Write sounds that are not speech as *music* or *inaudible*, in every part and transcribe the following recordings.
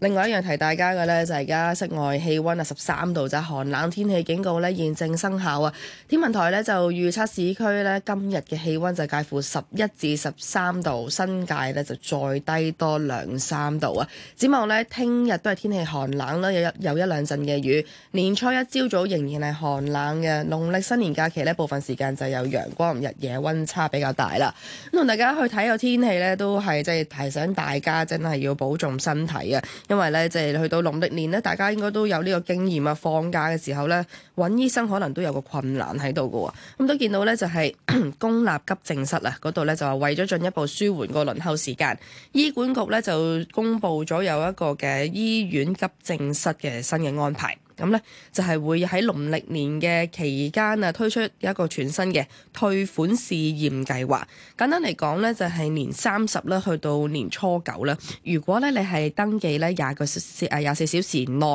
另外一樣提大家嘅呢，就係而家室外氣温啊，十三度啫，寒冷天氣警告呢現正生效啊！天文台呢就預測市區呢今日嘅氣温就介乎十一至十三度，新界呢就再低多兩三度啊！展望呢，聽日都係天氣寒冷啦，有一有一,有一兩陣嘅雨。年初一朝早仍然係寒冷嘅，農曆新年假期呢部分時間就有陽光，日夜温差比較大啦。咁同大家去睇個天氣呢，都係即係提醒大家真係要保重身體啊！因為咧，即係去到農曆年咧，大家應該都有呢個經驗啊。放假嘅時候咧，揾醫生可能都有個困難喺度嘅喎。咁都見到咧，就係、是、 *coughs* 公立急症室啊，嗰度咧就係為咗進一步舒緩個輪候時間，醫管局咧就公佈咗有一個嘅醫院急症室嘅新嘅安排。咁咧就係會喺農曆年嘅期間啊推出一個全新嘅退款試驗計劃。簡單嚟講咧，就係、是、年三十咧去到年初九啦。如果咧你係登記咧廿個四啊廿四小時內，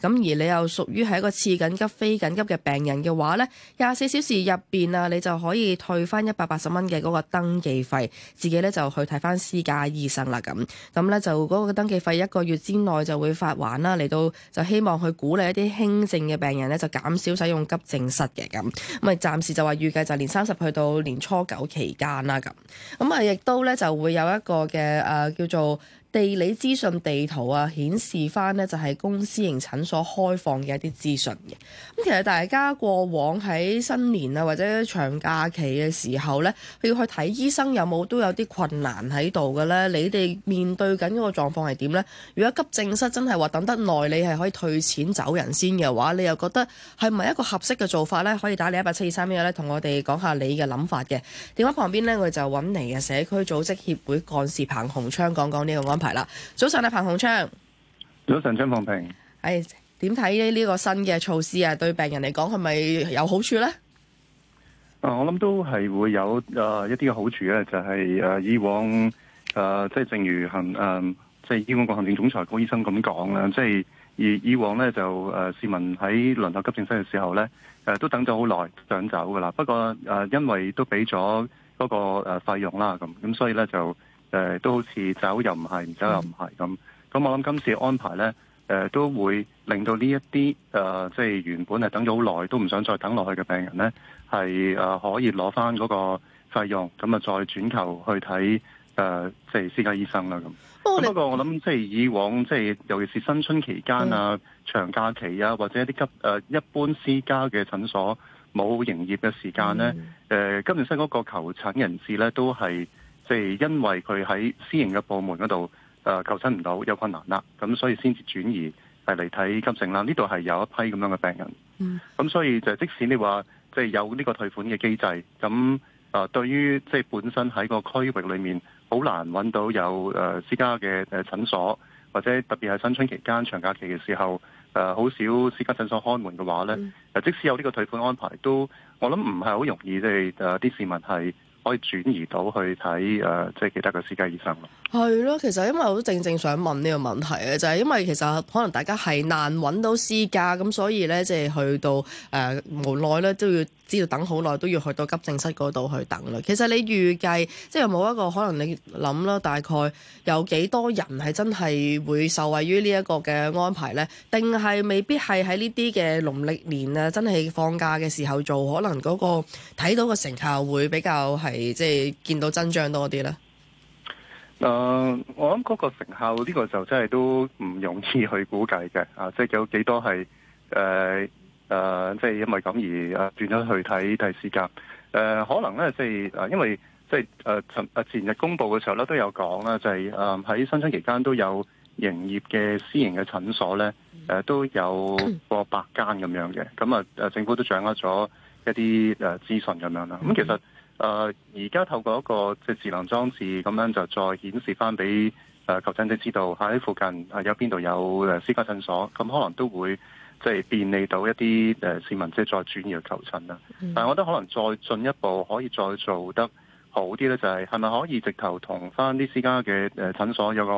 咁而你又屬於係一個次緊急非緊急嘅病人嘅話咧，廿四小時入邊啊，你就可以退翻一百八十蚊嘅嗰個登記費，自己咧就去睇翻私家醫生啦。咁咁咧就嗰個登記費一個月之內就會發還啦。嚟到就希望去鼓勵一啲。輕症嘅病人咧就減少使用急症室嘅，咁，咁啊暫時就話預計就係年三十去到年初九期間啦，咁，咁啊亦都咧就會有一個嘅誒、呃、叫做。地理資訊地圖啊，顯示翻呢就係公司型診所開放嘅一啲資訊嘅。咁其實大家過往喺新年啊或者長假期嘅時候咧，要去睇醫生有冇都有啲困難喺度嘅呢？你哋面對緊嗰個狀況係點咧？如果急症室真係話等得耐，你係可以退錢走人先嘅話，你又覺得係咪一個合適嘅做法呢？可以打嚟一八七二三一一咧，同我哋講下你嘅諗法嘅。電話旁邊呢，我哋就揾嚟嘅社區組織協會幹事彭鴻昌講講呢個安排。係啦，早上啊，彭鴻昌，早上張鳳平，誒，點睇呢？呢個新嘅措施啊，對病人嚟講，係咪有好處咧？啊、呃，我諗都係會有誒一啲嘅好處咧，就係、是、誒以往誒，即、呃、係、就是、正如行誒，即係醫管局行政總裁高醫生咁講啦，即係以以往咧就誒、呃，市民喺輪候急症室嘅時候咧，誒、呃、都等咗好耐都想走噶啦，不過誒因為都俾咗嗰個誒費用啦，咁咁所以咧就。誒、呃，都好似走又唔係，唔走又唔係咁。咁、嗯、我諗今次安排呢誒、呃，都會令到呢一啲誒，即、呃、係、就是、原本係等咗好耐都唔想再等落去嘅病人呢，係誒、呃、可以攞翻嗰個費用，咁啊再轉求去睇誒，即、呃、係、就是、私家醫生啦咁。哦、不過我諗即係以往，即、就、係、是、尤其是新春期間啊、嗯、長假期啊，或者一啲急誒、呃、一般私家嘅診所冇營業嘅時間呢，誒、嗯呃，今年新嗰個求診人士呢，都係。即係因為佢喺私營嘅部門嗰度，誒救生唔到有困難啦，咁所以先至轉移嚟嚟睇急症啦。呢度係有一批咁樣嘅病人，咁、嗯、所以就即使你話即係有呢個退款嘅機制，咁誒對於即係本身喺個區域裏面好難揾到有誒私家嘅誒診所，或者特別係新春期間長假期嘅時候，誒好少私家診所開門嘅話咧，嗯、即使有呢個退款安排，都我諗唔係好容易即啲、就是啊、市民係。可以轉移到去睇誒，即係其他嘅私家醫生咯。係咯，其實因為我正正想問呢個問題嘅，就係、是、因為其實可能大家係難揾到私家，咁所以咧即係去到誒、呃、無奈咧都要，知道等好耐都要去到急症室嗰度去等啦。其實你預計即係冇一個可能你諗啦，大概有幾多人係真係會受惠於呢一個嘅安排咧？定係未必係喺呢啲嘅農曆年啊，真係放假嘅時候做，可能嗰個睇到個成效會比較，係即係見到增長多啲咧。誒，我諗嗰個成效呢個就真係都唔容易去估計嘅啊！即係有幾多係誒。呃誒，即係、呃就是、因為咁而誒轉咗去睇第四間，誒、呃、可能咧，即、就、係、是、因為即係誒前前日公佈嘅時候咧，都有講啦，就係誒喺新春期間都有營業嘅私營嘅診所咧，誒、呃、都有過百間咁樣嘅，咁啊政府都掌握咗一啲誒、呃、資訊咁樣啦。咁、mm hmm. 其實誒而家透過一個即係、就是、智能裝置咁樣，就再顯示翻俾誒求診者知道喺附近有邊度有私家診所，咁可能都會。即係便利到一啲誒市民，即係再轉移去求診啦。嗯、但係我覺得可能再進一步可以再做得好啲咧，就係係咪可以直接同翻啲私家嘅誒診所有個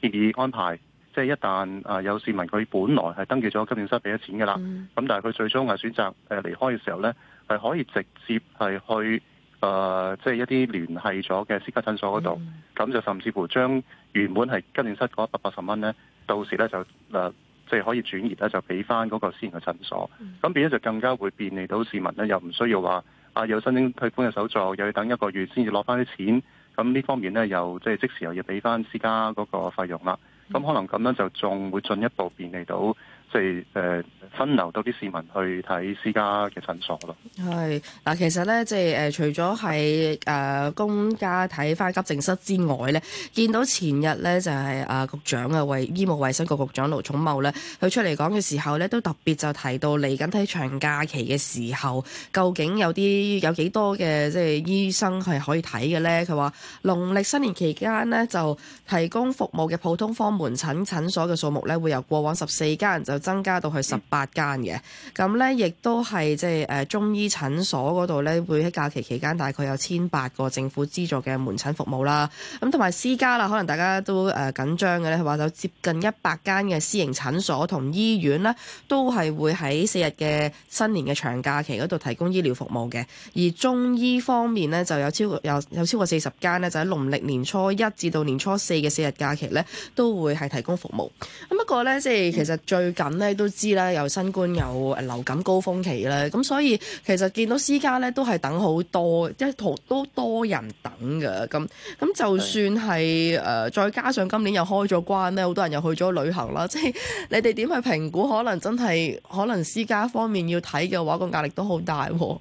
協議安排？即、就、係、是、一旦啊有市民佢本來係登記咗急症室俾咗錢嘅啦，咁、嗯、但係佢最終係選擇誒離開嘅時候咧，係可以直接係去誒即係一啲聯繫咗嘅私家診所嗰度，咁、嗯、就甚至乎將原本係急症室嗰一百八十蚊咧，到時咧就誒。呃即係可以轉移咧，就俾翻嗰個私人嘅診所，咁變咗就更加會便利到市民咧，又唔需要話啊有申請退款嘅手續，又要等一個月先至攞翻啲錢，咁呢方面咧又即係、就是、即時又要俾翻私家嗰個費用啦，咁可能咁樣，就仲會進一步便利到。即係誒分流多啲市民去睇私家嘅診所咯。係嗱，其實咧即係誒，除咗係誒公家睇翻急症室之外咧，見到前日咧就係、是、阿、啊、局長啊，衞醫務衞生局局長盧寵茂咧，佢出嚟講嘅時候咧，都特別就提到嚟緊睇長假期嘅時候，究竟有啲有幾多嘅即係醫生係可以睇嘅咧？佢話農曆新年期間呢，就提供服務嘅普通科門診診所嘅數目咧，會由過往十四間就增加到去十八間嘅，咁咧亦都係即係誒中醫診所嗰度咧，會喺假期期間大概有千八個政府資助嘅門診服務啦。咁同埋私家啦，可能大家都誒緊張嘅咧，話有接近一百間嘅私營診所同醫院咧，都係會喺四日嘅新年嘅長假期嗰度提供醫療服務嘅。而中醫方面咧，就有超過有有超過四十間咧，就喺農曆年初一至到年初四嘅四日假期咧，都會係提供服務。咁不過咧，即係其實最近。咧都知啦，又新冠又流感高峰期啦，咁所以其實見到私家咧都係等好多，即係同都多人等嘅，咁咁就算係誒係嘅、呃、再加上今年又開咗關咧，好多人又去咗旅行啦，即係你哋點去評估？可能真係可能私家方面要睇嘅話，個壓力都好大。誒、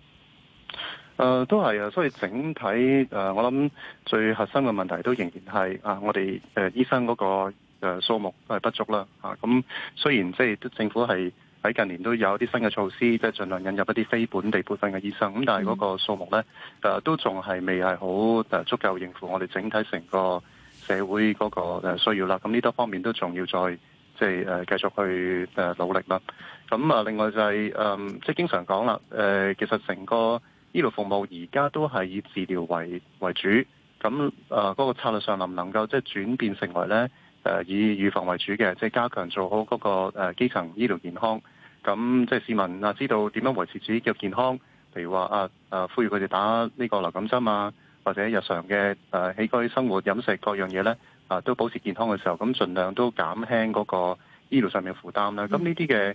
呃，都係啊，所以整體誒、呃，我諗最核心嘅問題都仍然係啊、呃，我哋誒、呃、醫生嗰個嘅數目都係不足啦，嚇咁雖然即係政府係喺近年都有啲新嘅措施，即係儘量引入一啲非本地培訓嘅醫生，咁但係嗰個數目咧，誒都仲係未係好誒足夠應付我哋整體成個社會嗰個誒需要啦。咁呢多方面都仲要再即係誒繼續去誒努力啦。咁啊，另外就係誒即係經常講啦，誒其實成個醫療服務而家都係以治療為為主，咁誒嗰個策略上能唔能夠即係轉變成為咧？誒以預防為主嘅，即係加強做好嗰個誒基層醫療健康，咁即係市民啊知道點樣維持自己嘅健康，譬如話啊誒，呼籲佢哋打呢個流感針啊，或者日常嘅誒起居生活、飲食各樣嘢咧，啊都保持健康嘅時候，咁盡量都減輕嗰個醫療上面嘅負擔啦。咁呢啲嘅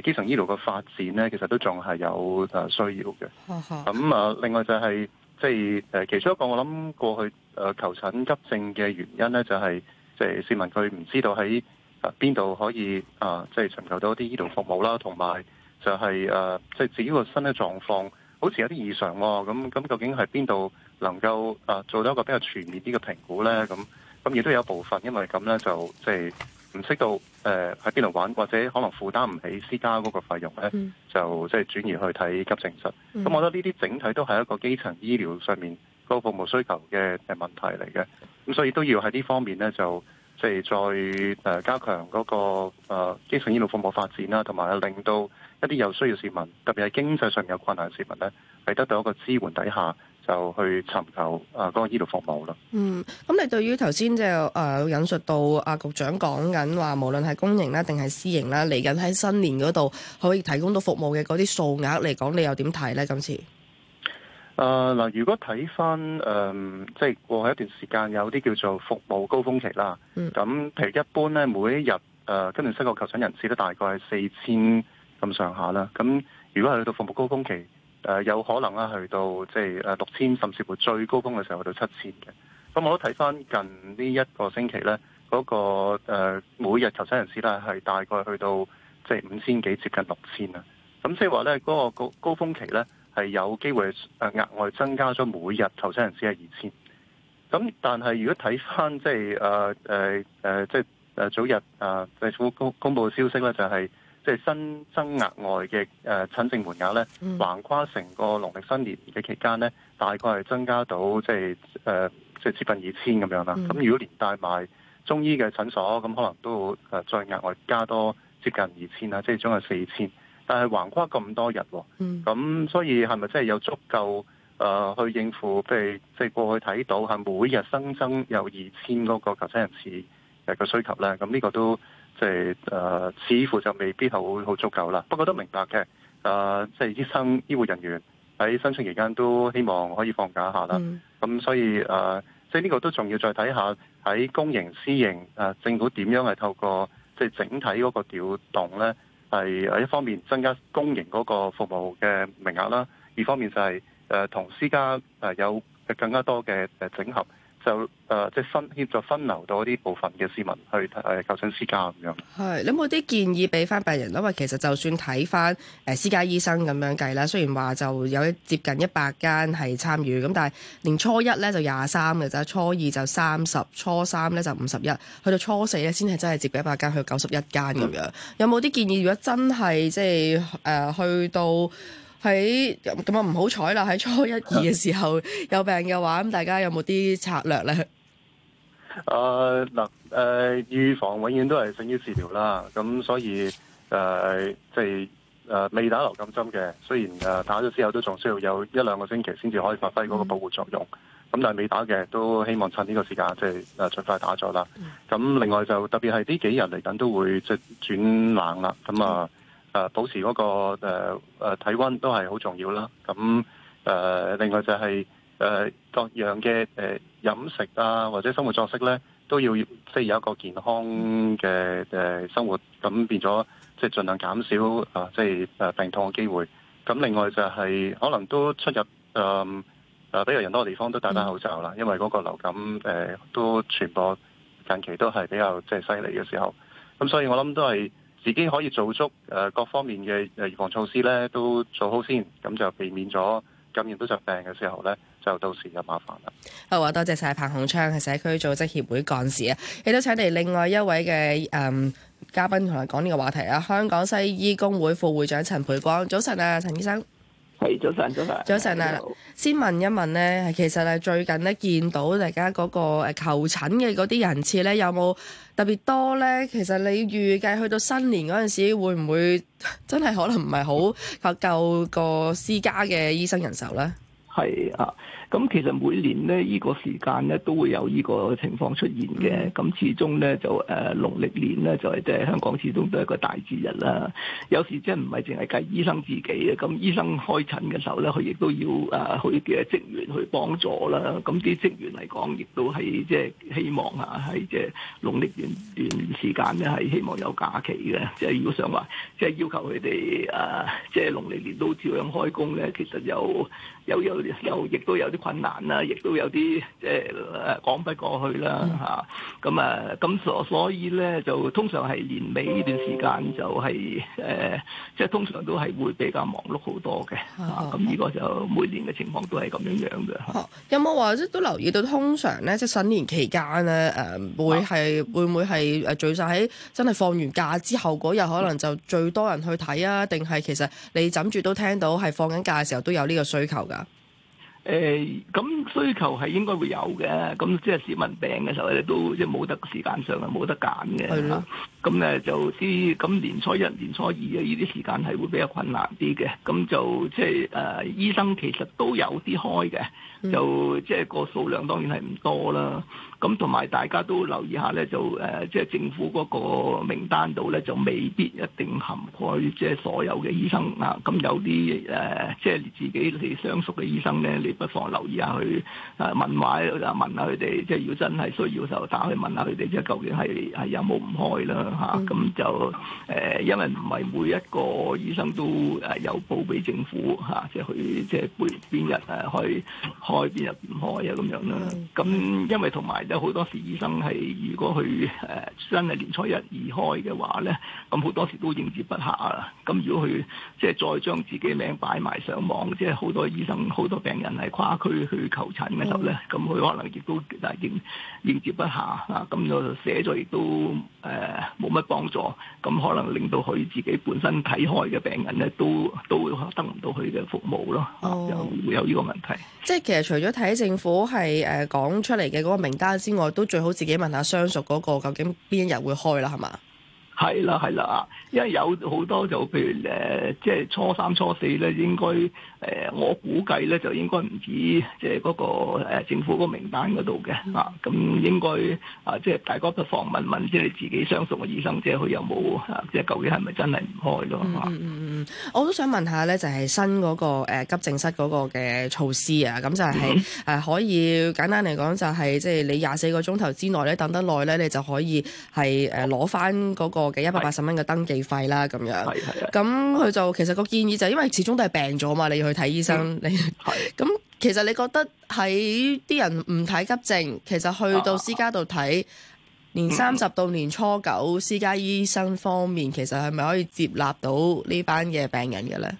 誒基層醫療嘅發展咧，其實都仲係有誒需要嘅。咁啊，另外就係、是、即係誒其中一個我諗過去誒求診急症嘅原因咧，就係、是。即係市民佢唔知道喺邊度可以啊，即係尋求到一啲醫療服務啦，同埋就係誒，即係自己個身嘅狀況，好似有啲異常喎。咁咁究竟係邊度能夠啊，做到一個比較全面啲嘅評估咧？咁咁亦都有部分因為咁咧，就即係唔識到誒喺邊度玩，或者可能負擔唔起私家嗰個費用咧，就即係轉移去睇急症室。咁我覺得呢啲整體都係一個基層醫療上面個服務需求嘅問題嚟嘅，咁所以都要喺呢方面咧，就即係再誒加強嗰個誒基層醫療服務發展啦，同埋令到一啲有需要市民，特別係經濟上有困難嘅市民咧，係得到一個支援底下，就去尋求啊嗰個醫療服務咯。嗯，咁你對於頭先就誒引述到阿局長講緊話，無論係公營啦定係私營啦，嚟緊喺新年嗰度可以提供到服務嘅嗰啲數額嚟講，你又點睇咧？今次？啊嗱、呃，如果睇翻誒，即、呃、係、就是、過去一段時間有啲叫做服務高峰期啦。咁譬如一般咧，每一日誒、呃、跟住出個求診人次咧，大概係四千咁上下啦。咁如果係去到服務高峰期，誒、呃、有可能咧去到即係六千，就是呃、6, 000, 甚至乎最高峰嘅時候去到七千嘅。咁我都睇翻近呢一個星期咧，嗰、那個、呃、每日求診人次咧係大概去到即係五千幾，接近六千啊。咁即係話咧，嗰、就是那個高高峰期咧。係有機會誒額外增加咗每日投產人次係二千，咁但係如果睇翻、呃呃呃、即係誒誒誒即係誒早日誒政府公公佈嘅消息咧，就係、是、即係新增額外嘅誒、呃、診症門額咧，嗯、橫跨成個農曆新年嘅期間咧，大概係增加到即係誒、呃、即係接近二千咁樣啦。咁、嗯、如果連帶埋中醫嘅診所，咁可能都誒再額外加多接近二千啦，即係將近四千。但係橫跨咁多日喎，咁、嗯、所以係咪真係有足夠誒去應付？譬如即係過去睇到係每日新增有二千嗰個求診人次嘅個需求咧，咁呢個都即係誒似乎就未必好好足夠啦。不過都明白嘅，誒即係醫生醫護人員喺新春期間都希望可以放假下啦。咁、嗯、所以誒，即係呢個都仲要再睇下喺公營私營、呃、政府點樣係透過即係整體嗰個調動咧。係一方面增加公營嗰個服務嘅名額啦，二方面就係誒同私家誒有更加多嘅誒整合。就誒，即係分協助分流到啲部分嘅市民去誒救生私家咁樣係，有冇啲建議俾翻病人？因為其實就算睇翻誒私家醫生咁樣計啦，雖然話就有接近一百間係參與，咁但係年初一咧就廿三嘅啫，初二就三十，初三咧就五十一，去到初四咧先係真係接近一百間，去到九十一間咁樣。有冇啲建議？如果真係即係誒、呃、去到？喺咁咁啊唔好彩啦，喺初一二嘅時候有病嘅話，咁 *laughs* 大家有冇啲策略咧？誒、呃，嗱、呃，誒，預防永遠都係勝於治療啦。咁所以誒、呃，即係誒、呃，未打流感針嘅，雖然誒、呃、打咗之後都仲需要有一兩個星期先至可以發揮嗰個保護作用。咁、嗯、但係未打嘅都希望趁呢個時間即係誒盡快打咗啦。咁、嗯、另外就特別係呢幾日嚟緊都會即係轉冷啦。咁啊。嗯啊，保持嗰個誒誒體温都係好重要啦。咁誒，另外就係誒各樣嘅誒飲食啊，或者生活作息咧，都要即係有一個健康嘅誒生活。咁變咗即係盡量減少啊，即係誒病痛嘅機會。咁另外就係可能都出入誒誒比較人多嘅地方都戴戴口罩啦，因為嗰個流感誒都傳播近期都係比較即係犀利嘅時候。咁所以我諗都係。自己可以做足誒各方面嘅誒預防措施咧，都做好先，咁就避免咗感染到疾病嘅時候咧，就到時就麻煩啦。好啊，我多謝晒彭鴻昌，係社區組織協會幹事啊。亦都請嚟另外一位嘅誒、嗯、嘉賓同佢講呢個話題啊。香港西醫工會副會長陳培光，早晨啊，陳醫生。係，早晨，早晨，早晨啊！好先問一問呢，其實係最近呢見到大家嗰個誒求診嘅嗰啲人次呢，有冇特別多呢？其實你預計去到新年嗰陣時，會唔會真係可能唔係好夠夠個私家嘅醫生人手呢？係啊，咁其實每年咧，呢個時間咧都會有呢個情況出現嘅。咁始終咧就誒農曆年咧就係即係香港始終都係一個大節日啦。有時即係唔係淨係計醫生自己嘅，咁醫生開診嘅時候咧，佢亦都要誒佢嘅職員去幫助啦。咁啲職員嚟講，亦都係即係希望啊，係即係農曆年段時間咧係希望有假期嘅。即係如果想話，即係要求佢哋誒即係農曆年都照樣開工咧，其實有。有有有，亦都有啲困難啦，亦都有啲即係誒講不過去啦嚇。咁啊，咁、啊、所、啊啊啊啊、所以咧，就通常係年尾呢段時間就係、是、誒，即係、嗯呃、通常都係會比較忙碌好多嘅。咁呢、嗯啊、個就每年嘅情況都係咁樣樣嘅。有冇話即都留意到，通常咧即係新年期間咧誒、呃，會係會唔會係誒聚晒喺真係放完假之後嗰日，嗯、可能就最多人去睇啊？定係其實你枕住都聽到係放緊假嘅時候都有呢個需求㗎？誒咁、欸、需求係應該會有嘅，咁即係市民病嘅時候咧，都即係冇得時間上係冇得揀嘅係啦。咁咧的、啊、就啲咁年初一、年初二嘅呢啲時間係會比較困難啲嘅。咁就即係誒、啊、醫生其實都有啲開嘅，就、嗯、即係個數量當然係唔多啦。咁同埋大家都留意一下咧，就誒、啊、即係政府嗰個名單度咧，就未必一定涵蓋即係所有嘅醫生啊。咁有啲誒、啊、即係自己你相熟嘅醫生咧，你不妨留意下佢，啊，問埋啊，問下佢哋，即係如果真係需要就打去問下佢哋，即係究竟係係有冇唔開啦嚇。咁就誒，因為唔係每一個醫生都誒有報俾政府嚇、啊，即係佢即係邊日誒開日唔開邊日唔開啊咁樣啦。咁、mm. 啊、因為同埋即係好多時醫生係如果去誒真係年初一二開嘅話咧，咁好多時都應接不下啦。咁如果佢，即係再將自己名擺埋上網，即係好多醫生好多病人係。跨區去求診嘅時候咧，咁佢、嗯、可能亦都但係應接不下嚇，咁就寫咗亦都誒冇乜幫助，咁可能令到佢自己本身睇開嘅病人咧，都都會得唔到佢嘅服務咯，又、哦啊、會有呢個問題。即係其實除咗睇政府係誒講出嚟嘅嗰個名單之外，都最好自己問下相熟嗰個究竟邊一日會開啦，係嘛？係啦，係啦，因為有好多就譬如誒，即、呃、係初三、初四咧，應該誒、呃，我估計咧，就應該唔止即係嗰個政府嗰個名單嗰度嘅啊。咁應該啊、呃，即係大家不妨問問，即係自己相熟嘅醫生，即係佢有冇即係究竟係咪真係唔開咯、嗯？嗯，嗯我都想問一下咧，就係、是、新嗰、那個、呃、急症室嗰個嘅措施啊，咁就係、是、誒、嗯呃、可以簡單嚟講、就是，就係即係你廿四個鐘頭之內咧等得耐咧，你就可以係誒攞翻嗰個。一百八十蚊嘅登記費啦，咁樣，咁佢就其實個建議就係、因為始終都係病咗嘛，你要去睇醫生，你咁、嗯、 *laughs* 其實你覺得喺啲人唔睇急症，其實去到私家度睇、啊、年三十到年初九，嗯、私家醫生方面，其實係咪可以接納到呢班嘅病人嘅呢？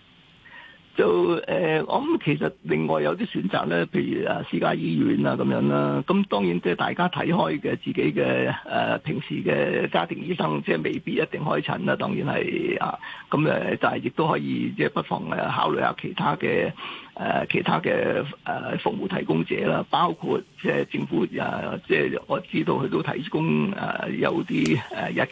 就誒、呃，我諗其實另外有啲選擇咧，譬如啊私家醫院啊咁樣啦、啊，咁當然即係大家睇開嘅自己嘅誒、呃、平時嘅家庭醫生，即係未必一定開診啦、啊。當然係啊，咁誒但係亦都可以即係不妨誒考慮下其他嘅。誒其他嘅誒服務提供者啦，包括即係政府啊，即係我知道佢都提供誒有啲誒一間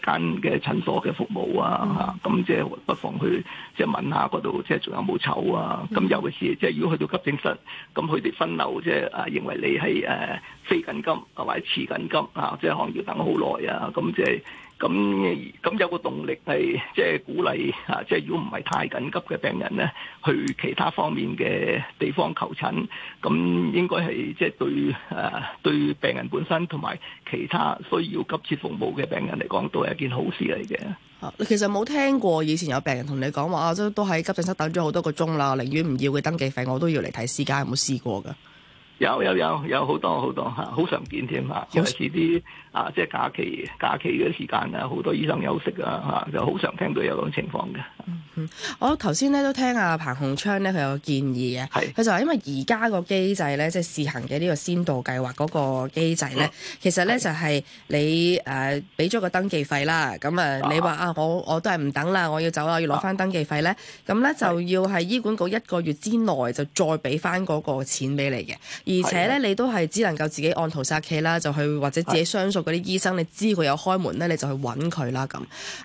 嘅診所嘅服務啊，嚇咁即係不妨去即係問下嗰度，即係仲有冇籌啊？咁尤其是即係如果去到急症室，咁佢哋分流即係啊，認為你係誒非緊急啊，或者次緊急啊，即係可能要等好耐啊，咁即係。咁咁有個動力係即係鼓勵啊！即係如果唔係太緊急嘅病人咧，去其他方面嘅地方求診，咁應該係即係對誒、啊、對病人本身同埋其他需要急切服務嘅病人嚟講，都係一件好事嚟嘅。啊，你其實冇聽過以前有病人同你講話，即、啊、都喺急症室等咗好多個鐘啦，寧願唔要嘅登記費，我都要嚟睇私家有冇試過㗎？有有有有好多好多嚇，好常見添嚇，尤其是啲啊即係假期假期嘅時間啊，好多醫生休息啊嚇，就好常聽到有種情況嘅。嗯、我頭先咧都聽阿彭鴻昌咧佢有個建議嘅，佢是就話因為而家個機制咧，即係試行嘅呢個先導計劃嗰個機制咧，嗯、其實咧是就係你誒俾咗個登記費啦，咁啊你話啊我我都係唔等啦，我要走啊，我要攞翻登記費咧，咁咧、啊、就要喺醫管局一個月之內就再俾翻嗰個錢俾你嘅，而且咧的你都係只能夠自己按圖索驥啦，就去或者自己相熟嗰啲醫生，的你知佢有開門咧，你就去揾佢啦咁。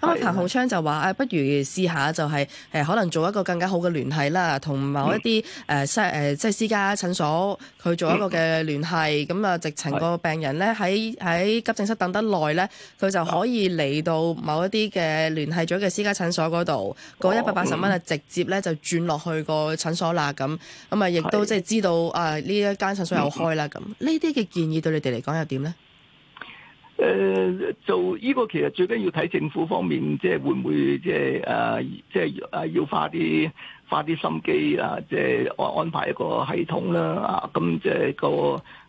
咁啊的彭鴻昌就話、啊、不如試下就係、是。誒，可能做一個更加好嘅聯繫啦，同某一啲誒、嗯呃，即係即係私家診所去做一個嘅聯繫，咁啊、嗯，就直情個病人咧喺喺急症室等得耐咧，佢就可以嚟到某一啲嘅聯繫咗嘅私家診所嗰度，嗰一百八十蚊啊，直接咧就轉落去個診所啦。咁咁啊，亦都即係知道啊呢一間診所有開啦。咁呢啲嘅建議對你哋嚟講又點咧？誒做呢個，其實最緊要睇政府方面，即係會唔會，即係誒，即係誒要花啲花啲心機啦，即係安安排一個系統啦，啊咁即係個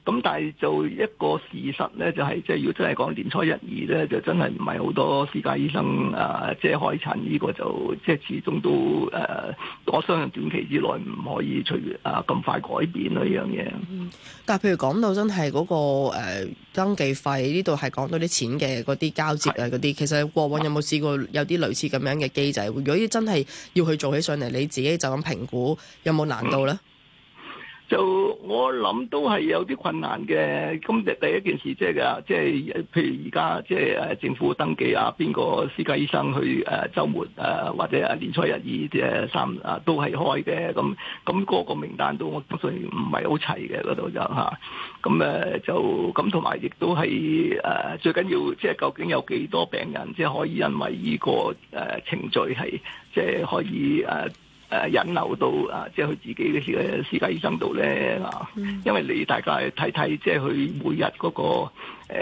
咁，但係做一個事實咧，就係、是、即係如果真係講年初一二咧，就真係唔係好多私家醫生啊，即係開診呢個就即係始終都誒、啊，我相信短期之內唔可以隨啊咁快改變呢樣嘢、嗯。但係譬如講到真係嗰、那個誒、呃、登記費呢度係講到啲錢嘅嗰啲交接啊嗰啲，的其實過往有冇試過有啲類似咁樣嘅機制？如果真係要去做起上嚟，你自己。就咁評估有冇難度咧？就我諗都係有啲困難嘅。咁第第一件事即係啊，即係譬如而家即係政府登記啊，邊個私家醫生去誒週末或者啊年初一二，即三啊都係開嘅。咁咁個個名單都我相唔係好齊嘅，嗰度就吓，咁就咁，同埋亦都係最緊要即係究竟有幾多病人即係可以因為呢個誒程序係即係可以。誒引流到啊，即係佢自己嘅私家醫生度咧啊，因為你大概睇睇，即係佢每日嗰個誒，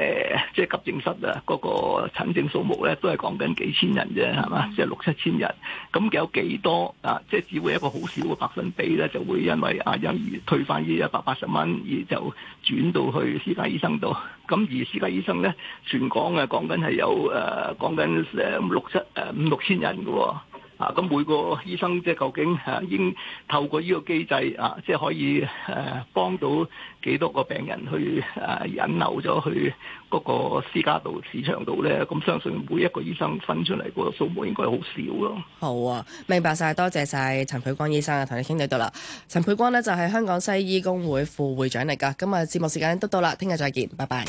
即係急症室啊，嗰個診症數目咧，都係講緊幾千人啫，係嘛，即係六七千人。咁有幾多啊？即係只會一個好少嘅百分比咧，就會因為啊，因而退翻呢一百八十蚊，而就轉到去私家醫生度。咁而私家醫生咧，全港啊，講緊係有誒，講緊誒六七誒五六千人嘅喎、哦。啊！咁每個醫生即係究竟誒應、啊、透過呢個機制啊，即係可以誒、啊、幫到幾多個病人去誒、啊、引流咗去嗰個私家度市場度咧？咁、啊、相信每一個醫生分出嚟個數目應該好少咯。好啊，明白晒，多謝晒陳培光醫生啊，同你傾偈到啦。陳培光呢，就係香港西醫工會副會長嚟㗎。今日節目時間都到啦，聽日再見，拜拜。